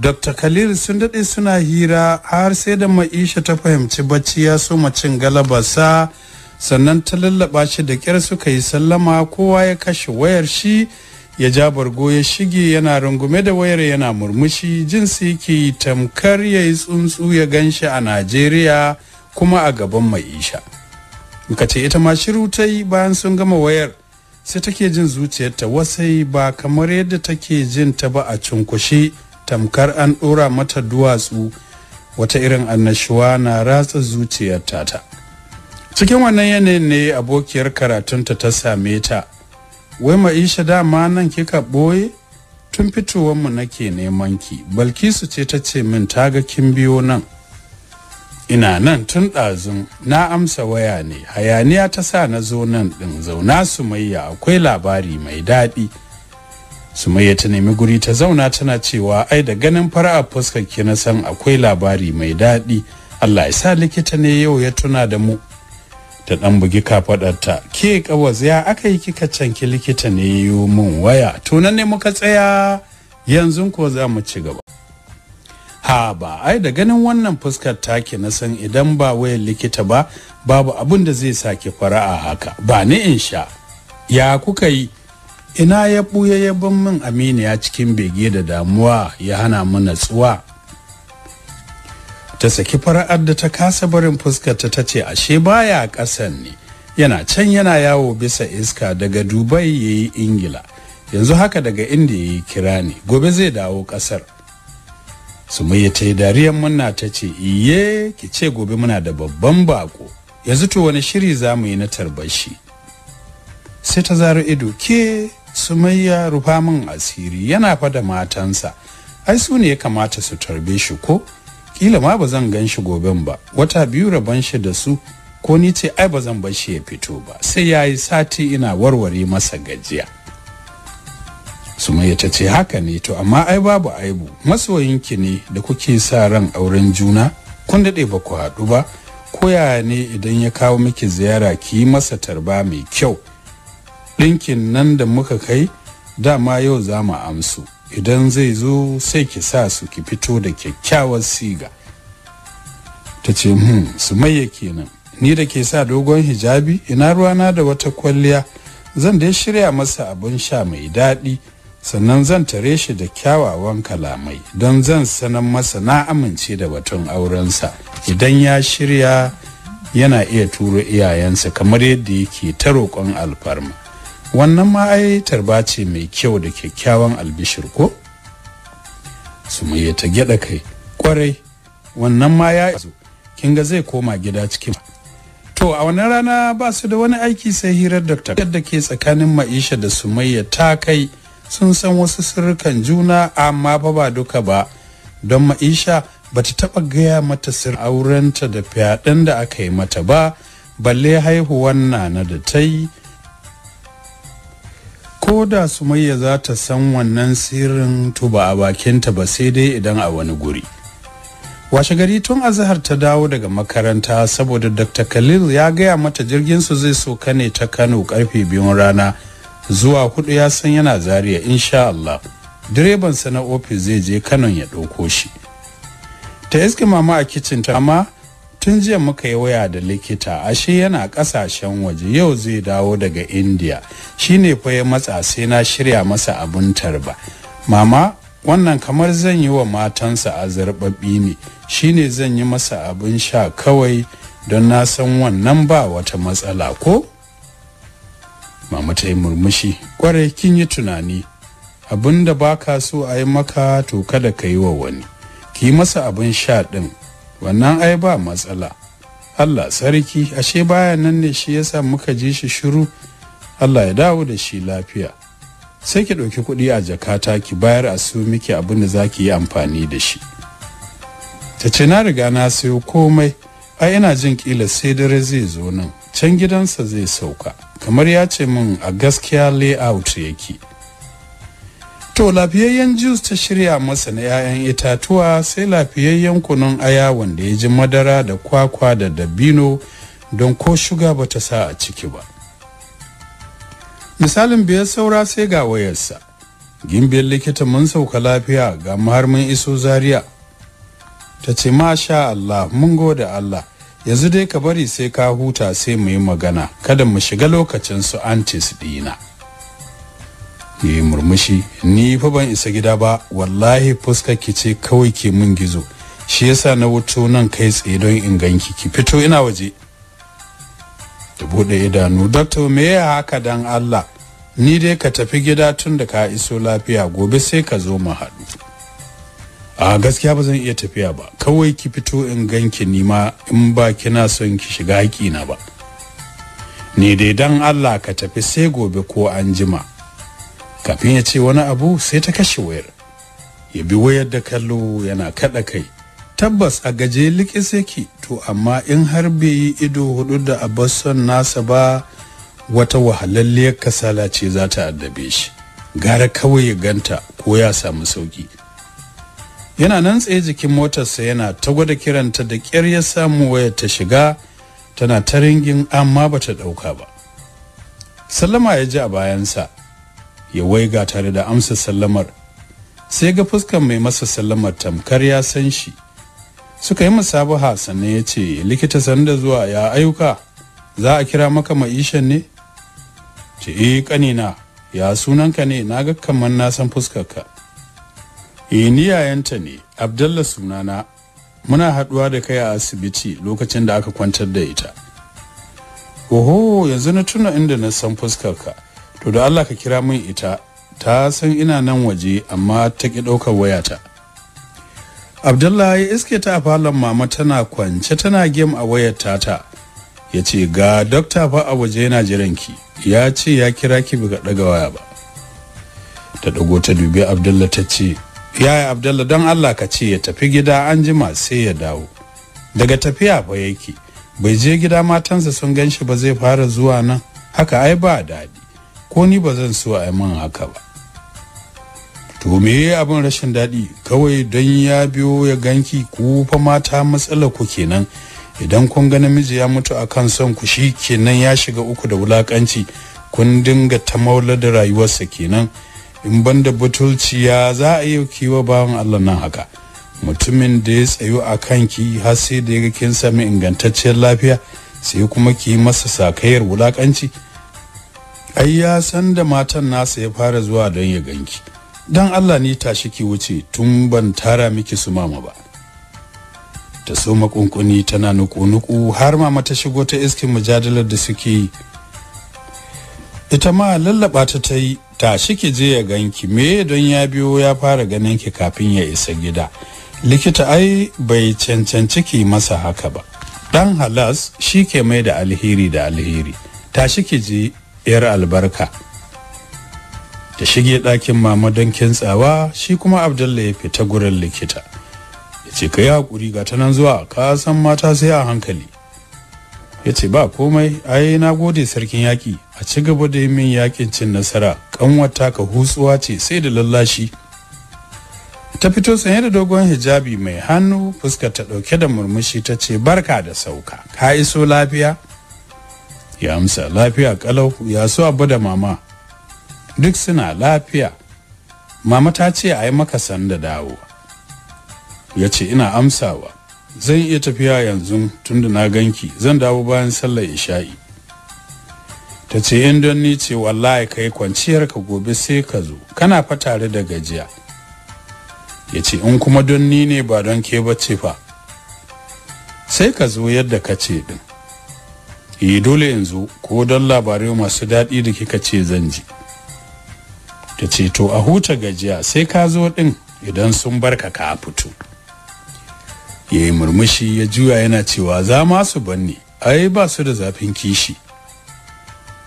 Dr. Khalil sun daɗe suna hira har sai da Maisha ta fahimci bacci ya so cin galabarsa sannan ta lallaba shi da ƙyar suka yi sallama kowa ya kashe wayar shi ya ja bargo ya shige yana rungume da wayar yana murmushi jin su yake tamkar ya yi tsuntsu ya gan shi a Najeriya kuma a gaban Maisha. Muka ce ita ma shiru ta yi bayan sun gama wayar sai take jin zuciyarta wasai ba kamar yadda take jin ta ba a cunkushe. tamkar an ɗora mata duwatsu wata irin annashuwa na ratsa zuciyar tata cikin wannan yanayin ne abokiyar karatunta ta same ta wai ma'isha dama nan kika boye tun fitowar mu nake neman ki balkisu ce ta ce min ta ga kin biyo nan ina nan tun ɗazun na amsa waya ne hayaniya ta sa na zo nan ɗin zauna su mayya akwai labari mai daɗi sumayya ta nemi guri ta zauna tana cewa ai da ganin fara'a fuskar ki na san akwai labari mai daɗi allah ya sa likita ne yau ya tuna da mu ta ɗan bugi kafaɗarta ke kawaz ya aka yi kika canki likita ne yiwu mun waya tunan ne muka tsaya yanzu ko za mu ci gaba ha ba ai da ganin wannan fuskar take na san idan ba wayan likita ba babu abin da zai sake fara'a haka ba ni in sha ya kuka yi ina ya buye ya bin min aminiya cikin bege da damuwa ya hana mu natsuwa ta saki fara'ar da ta kasa barin fuskarta ta ce ashe baya ƙasan ne yana can yana yawo bisa iska daga dubai ya yi ingila yanzu haka daga inda ya yi kira ne gobe zai dawo ƙasar sumayya ta yi dariyar murna ta ce iye ki ce gobe muna da babban bako yanzu to wani shiri za mu yi na tarbashi sai ta zaro ido ke sumayya rufa min asiri yana fa da matansa ai su ne ya kamata su tarbe shi ko kila ma ba zan gan shi goben ba wata biyu rabon shi da su ko ni ce ai ba zan bar shi ya fito ba sai ya yi sati ina warware masa gajiya sumayya ta ce haka ne to amma ai babu aibu masoyinki ne da kuke sa ran auren juna kun daɗe ba ku haɗu ba koya ne idan ya kawo miki ziyara ki yi masa tarba mai kyau ɗinkin nan da muka kai dama yau za mu amsu idan zai zo sai ki sa su ki fito da kyakkyawar siga ta ce hmm su maye kenan ni da ke sa dogon hijabi ina ruwana da wata kwalliya zan dai shirya masa abin sha mai daɗi sannan zan tare shi da kyawawan kalamai don zan sanar masa na amince da batun aurensa idan ya shirya yana iya turo iyayensa kamar yadda yake ta roƙon alfarma wannan ma ai tarba ce mai kyau da kyakkyawan albishir ko sumayya ta gyada kai kwarai wannan ma ya Kin ga zai koma gida cikin to a wannan rana ba su da wani aiki sai hirar doctor yadda ke tsakanin maisha da sumayya ta kai sun san wasu sirrukan juna amma ba ba duka ba don maisha ba ta taba gaya mata sir aurenta da fyaɗen da aka yi mata ba balle haihuwan nana da ta yi ko da sumayya za ta san wannan sirrin tuba a bakinta ba sai dai idan a wani guri washe gari tun azahar ta dawo daga makaranta saboda dr khalil ya gaya mata jirgin su zai soka ne ta kano karfe biyun rana zuwa hudu ya san yana zaria insha allah direban sa na ofis zai je kano ya ɗauko shi ta iske mama a kicin ta amma tun jiya muka yi waya da likita ashe yana kasashen waje yau zai dawo daga india shine fa ya matsa sai na shirya masa abun tarba mama wannan kamar zan yi wa matansa a zarbabbi ne shine zan yi masa abin sha kawai don na san wannan ba wata matsala ko mama ta yi murmushi kwarai kin yi tunani abin da ba ka so a yi maka to kada ka yi wa wani ki masa abin sha ɗin wannan ai ba matsala Allah sarki ashe baya nan ne shi yasa muka ji shi shiru Allah ya dawo da shi lafiya sai ki ɗauki kuɗi a jakata ki bayar a su miki abin da za ki yi amfani da shi ta ce na riga na sayo komai ai ina jin ƙila sai dare zai zo nan can gidansa zai sauka kamar ya ce min a gaskiya layout yake to lafiyayyen jus ta shirya masa na 'ya'yan itatuwa sai lafiyayyen kunun aya wanda ya ji madara da kwakwa da dabino don ko shuga ba ta sa a ciki ba misalin biyar saura sai ga wayarsa gimbiyar likita mun sauka lafiya ga har mun iso zaria ta ce masha allah mun gode allah yanzu dai ka bari sai ka huta sai mu yi magana kada mu shiga lokacin su antis dina yi murmushi ni fa ban isa gida ba wallahi fuskar ki ce kawai ke mun gizo shi yasa na wuto nan kai tsaye don in ganki ki fito ina waje Da bude idanu doctor me ya haka dan Allah ni dai ka tafi gida tun da ka iso lafiya gobe sai ka zo mu haɗu a gaskiya ba zan iya tafiya ba kawai ki fito in ganki ni ma in ba kina son ki shiga haƙina ba ni dai dan Allah ka tafi sai gobe ko an jima kafin ya ce wani abu sai ta kashe wayar ya bi wayar da kallo yana kada kai tabbas a gaje likis yake to amma in har bai yi ido hudu da abbasan nasa ba wata wahalalliyar kasala ce za ta addabe shi gara kawai ya ganta ko ya samu sauki yana nan tsaye jikin motarsa yana ta gwada kiranta da ƙyar ya samu wayar ta shiga tana ta ringin amma ba ta ɗauka ba sallama ya ji a bayansa ya waiga tare da amsa sallamar sai ga fuskar mai masa sallamar tamkar ya san shi suka yi musabaha sannan ya ce likita sanda zuwa ya ayyuka za a kira maka ma'ishan ne ce eh kanina ya sunanka ne na ga kamar na san fuskarka eh ni yayanta ne abdallah sunana muna haduwa da kai a asibiti lokacin da aka kwantar da ita oho yanzu na tuna inda na san fuskarka to da Allah ka kira min ita ta san ina nan waje amma ta ki ɗaukar wayata abdullahi iske ta falon mama tana kwance tana gem a wayar tata ya ce ga dokta fa a waje yana jiranki ya ce ya kira ki bika ɗaga waya ba ta ɗago ta dubi abdullahi ta ce yaya abdullah don allah ka ce ya tafi gida an jima sai ya dawo daga tafiya fa yake bai je gida matansa sun gan shi ba zai fara zuwa nan haka ai ba daɗi ko ni ba zan so a yi min haka ba to me abin rashin daɗi kawai don ya biyo ya ganki ku fa mata matsala ku kenan idan kun ga namiji ya mutu akan son ku shi kenan ya shiga uku da wulakanci kun dinga ta maula da rayuwarsa kenan in banda butulci ya za a yi kiwa bawan Allah nan haka mutumin da ya tsayo a kanki har sai da ya kin sami ingantacciyar lafiya sai kuma ki masa sakayar wulakanci ai ya san da matan nasa ya fara zuwa don ya ganki don allah ni tashi ki wuce tun ban tara miki su mama ba ta so makunkuni tana nuku-nuku har mama ta shigo ta iskin mujadalar da suke yi ita ma lallaba ta ta yi tashi ki je ya ganki me don ya biyo ya fara ganin ki kafin ya isa gida likita ai bai cancanci ki masa haka ba dan halas shi ke mai da alheri da alheri tashi ki je yar albarka ta shige ɗakin mama don kintsawa shi kuma Abdullahi ya fita gurin likita ya ce ka yi haƙuri ga ta nan zuwa ka san mata sai a hankali ya ce ba komai ai na gode sarkin yaƙi a ci gaba da min yaƙin cin nasara ƙanwata ka hutsuwa ce sai da lallashi ta fito sanye da dogon hijabi mai hannu fuska ta ɗauke da murmushi ta ce barka da sauka ka iso lafiya ya amsa lafiya kalau ya su abu da mama duk suna lafiya mama ta ce a yi maka sanda dawo ya ce ina amsawa zan iya tafiya yanzu tun da na ganki zan dawo bayan sallar isha'i ta ce in don ni ce wallahi kai kwanciyar ka gobe sai ka zo kana fa tare da gajiya ya ce in kuma don ni ne ba don ke bace fa sai ka zo yadda ka ce din eh dole yanzu ko don labarai masu daɗi da kika ce zan ji ta ce to a huta gajiya sai ka zo ɗin idan sun barka ka fito ya yi murmushi ya juya yana cewa za ma su banne ai ba su da zafin kishi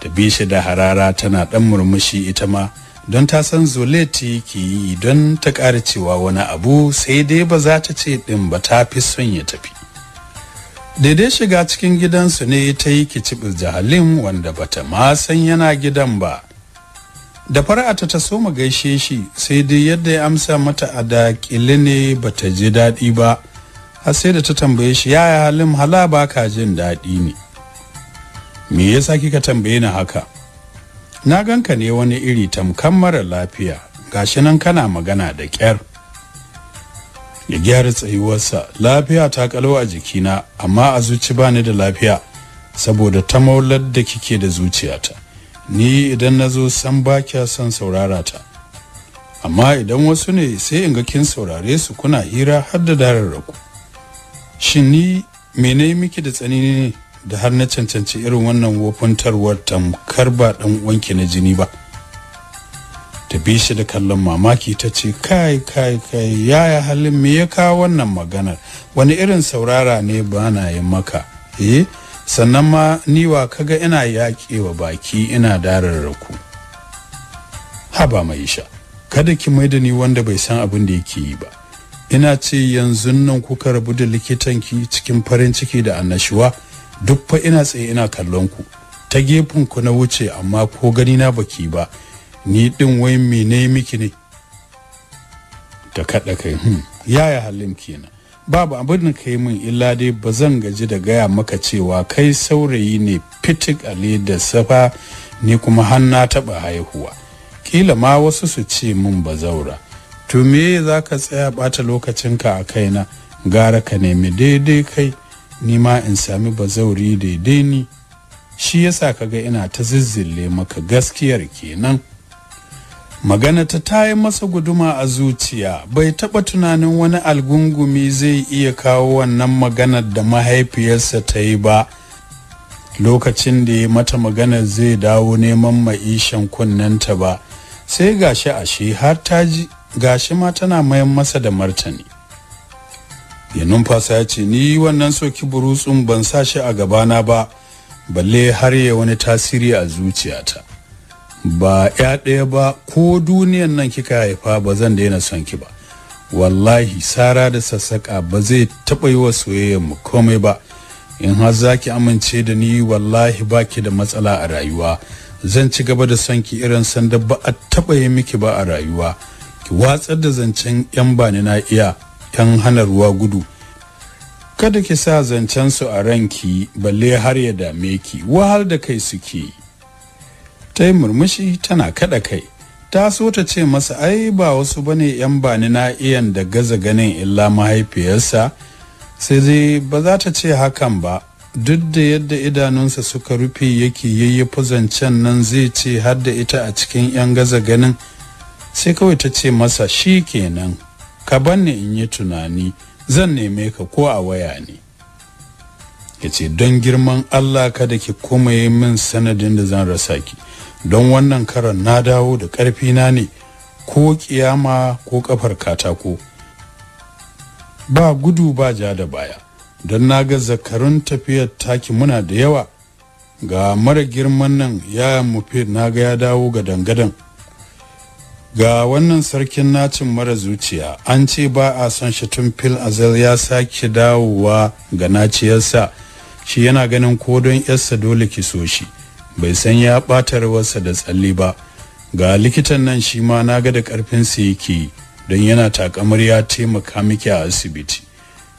ta bi shi da harara tana ɗan murmushi ita ma don ta san zoleti ke yi don ta ƙara cewa wani abu sai dai ba za ta ce ɗin ba ta fi son ya tafi daidai shiga cikin gidansu ne ta yi kicibin jahalin wanda bata ma san yana gidan ba da fara'ata ta so mu gaishe shi sai dai yadda ya amsa mata a ƙili ne bata ji daɗi ba har sai da ta tambaye shi yaya halin hala ba ka jin daɗi ne me yasa kika tambaye ni haka na ganka ne wani iri tamkan mara lafiya gashi nan kana magana da ƙyar ya gyara tsayuwarsa lafiya ta kalau a jikina amma a zuci ba ni da lafiya saboda ta maular da kike da zuciyata ni idan na zo san ba kya son saurara ta amma idan wasu ne sai in ga kin saurare su kuna hira har da dararraku shin ni mene miki da tsani ne da har na cancanci irin wannan wofantarwar tamkar ba dan uwanki na jini ba ta bi shi da kallon mamaki ta ce kai kai kai yaya halin me ya kawo wannan maganar wani irin saurara ne ba na yi maka eh sannan ma niwa kaga ina wa baki ina dararraku haba mai sha kada ki mai da ni wanda bai san abin da yake yi ba ina ce yanzu nan kuka rabu da likitanki cikin farin ciki da annashuwa duk fa ina tsaye ina kallon ku ta gefen ku na wuce amma ko gani na baki ba ni din wai mene miki ne ta kaɗa kai hmm. yaya halin kenan babu abin da kai yi min illa dai ba zan gaji da gaya maka cewa kai saurayi ne fitik ali da safa ni kuma hanna na taɓa haihuwa kila ma wasu su ce min bazaura to me za ka tsaya ɓata lokacinka a kaina gara ka nemi daidai kai ni ma in sami bazauri daidai ni shi yasa kaga ina ta zizzille maka gaskiyar kenan magana ta tayi masa guduma a zuciya bai taɓa tunanin wani algungumi zai iya kawo wannan maganar da mahaifiyarsa ta yi ba lokacin da ya mata maganar zai dawo neman ma'ishan ta ba sai gashi a shi har ta ji gashi ma tana mayan masa da martani ya numfasa ya ce ni wannan soki burutsun ban sa shi a gabana ba balle har ya wani tasiri a zuciyata ba ya ɗaya ba ko duniyan nan kika haifa ba zan daina son ki ba wallahi sara da sassaƙa ba zai taɓa yi wa soyayyar mu komai ba in har za ki amince da ni wallahi ba ki da matsala a rayuwa zan ci gaba da son ki irin sanda ba a taɓa yi miki ba a rayuwa ki watsar da zancen yan bani na iya yan hana ruwa gudu kada ki sa zancen su a ranki balle har ya dame ki wahal da kai suke yi ta yi murmushi tana kada kai ta so ta ce masa ai ba wasu bane yan bani na iyan da gaza ganin illa mahaifiyarsa sai dai ba za ta ce hakan ba duk da yadda idanunsa suka rufe yake yayi fuzancen nan zai ce har da ita a cikin yan gaza ganin sai kawai ta ce masa shi kenan ka banni in yi tunani zan neme ka ko a waya ne yace don girman Allah kada ki kuma min sanadin da zan rasa ki don wannan karan na dawo da karfi na ne ko kiyama ko kafar katako ba gudu ba ja da baya don na ga zakarun tafiyar taki muna da yawa ga mara girman nan ya mufi na ga ya dawo ga dangadan ga wannan sarkin nacin mara zuciya an ce ba a son shi tun fil azal ya sake dawowa ga naciyarsa shi yana ganin ko don yarsa dole ki so shi bai san ya ɓata rawarsa da tsalle ba ga likitan nan shi ma na ga da ƙarfinsa yake don yana takamar ya taimaka miki a asibiti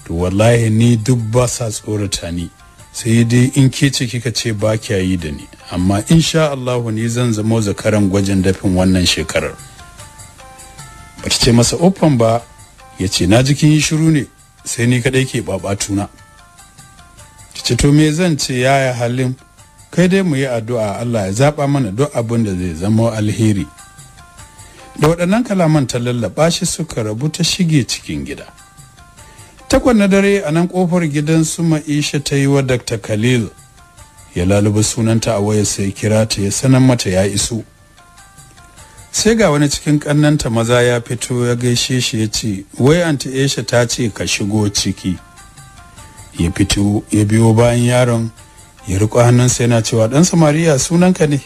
to wallahi ni duk ba sa tsorata ni sai dai in ke ce kika ce ba kya yi da ni amma insha Allahu ni zan zama zakaran gwajin dafin wannan shekarar bata ce masa ofan ba ya ce na jikin shiru ne sai ni kadai ke babatuna ce to me zan ce yaya halin kai dai mu yi addu'a Allah ya zaba mana duk abin da zai zama alheri da waɗannan kalaman ta lallaba shi suka rabu ta shige cikin gida takwas na dare a nan kofar gidan su ma'isha ta yi wa dr khalil ya lalubi sunanta a waya sai kira ta ya sanar mata ya iso sai ga wani cikin kannanta maza ya fito ya gaishe shi ya ce wai anti aisha ta ce ka shigo ciki ya fito ya biyo bayan yaron ya riko hannunsa yana cewa dan samariya sunanka ne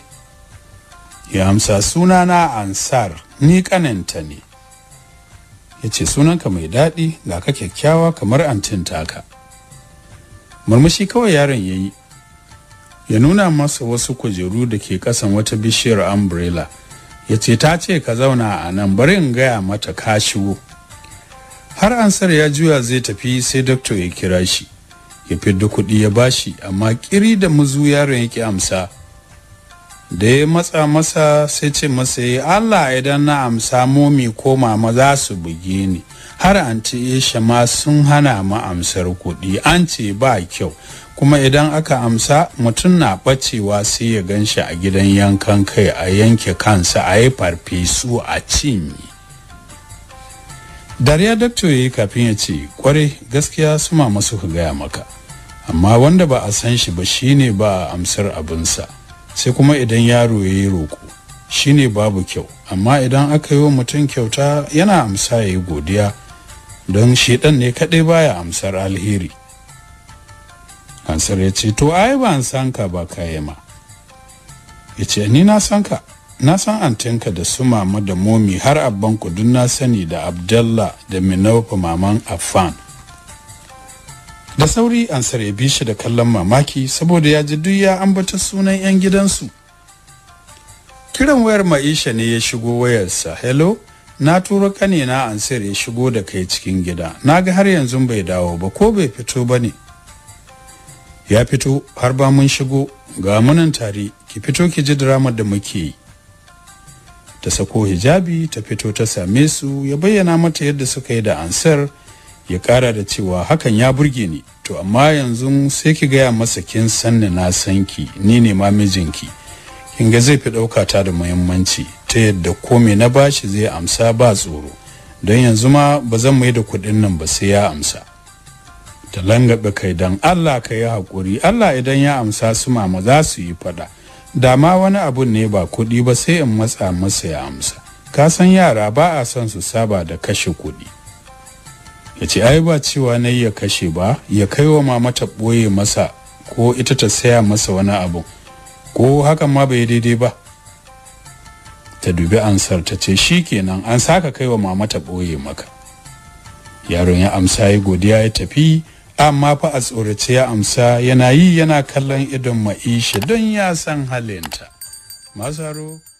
ya amsa sunana ansar ni kananta ne ya ce sunanka mai daɗi ga ka kyakkyawa kamar antin taka murmushi kawai yaron ya yi ya nuna masa wasu kujeru da ke kasan wata bishiyar umbrella ya ce ta ce ka zauna a nan bari in gaya mata kashiwo. har ansar ya juya zai tafi sai doctor ya kira shi ya fidda kuɗi ya bashi amma kiri da muzu yaron yake amsa da ya matsa masa sai ce masa ya eh, Allah idan na amsa momi ko mama za su buge ni har an ce isha ma sun hana ma amsar kuɗi an ce ba kyau kuma idan aka amsa mutum na ɓacewa sai ya ganshi a gidan yankan kai a yanke kansa a yi farfesu a cinye dariya dakto ya yi kafin ya ce kwarai gaskiya su mama suka gaya maka amma wanda ba a san shi ba shine ba a amsar abinsa sai kuma idan yaro ya yi roƙo shine babu kyau amma idan aka yi wa mutum kyauta yana amsa ya yi godiya don shedan ne kaɗai baya amsar alheri kansar ya ce to ai ba an san ka ba ka ma ya ce ni na san ka na san antinka da su mama da momi har abban kudin na sani da abdallah da minaufa maman affan da sauri ansar ya bi shi da kallon mamaki saboda ya ji duk ya ambata sunan yan gidansu kiran wayar maisha ne ya shigo wayarsa hello na turo kane na ansar ya shigo da kai cikin gida na ga har yanzu bai dawo ba ko bai fito ba ne ya fito har ba mun shigo ga munan tare ki fito ki ji drama da muke yi ta sako hijabi ta fito ta same su ya bayyana mata yadda suka yi da ansar ya kara da cewa hakan ya burge ni to amma yanzu sai ki gaya masa kin sanni na san ki ni ne ma mijinki kin ga zai fi ɗauka ta da muhimmanci ta yadda komai na bashi zai amsa ba tsoro don yanzu ma ba zan mai da kuɗin nan ba sai ya amsa ta langaɓe kai don allah ka yi haƙuri allah idan ya amsa su ma za su yi faɗa da ma wani abun ne ba kuɗi ba sai in matsa masa ya amsa ka san yara ba a son su saba da kashe kuɗi ya ce ai ba cewa na ya kashe ba ya kai wa mama ta ɓoye masa ko ita ta saya masa wani abu ko hakan ma bai daidai ba ta dubi ansar ta ce shi kenan an saka kai wa mama ta ɓoye maka yaron ya amsa ya godiya ya tafi amma fa a tsorace ya amsa yana yi yana kallon idon ma'isha don ya san halinta masaro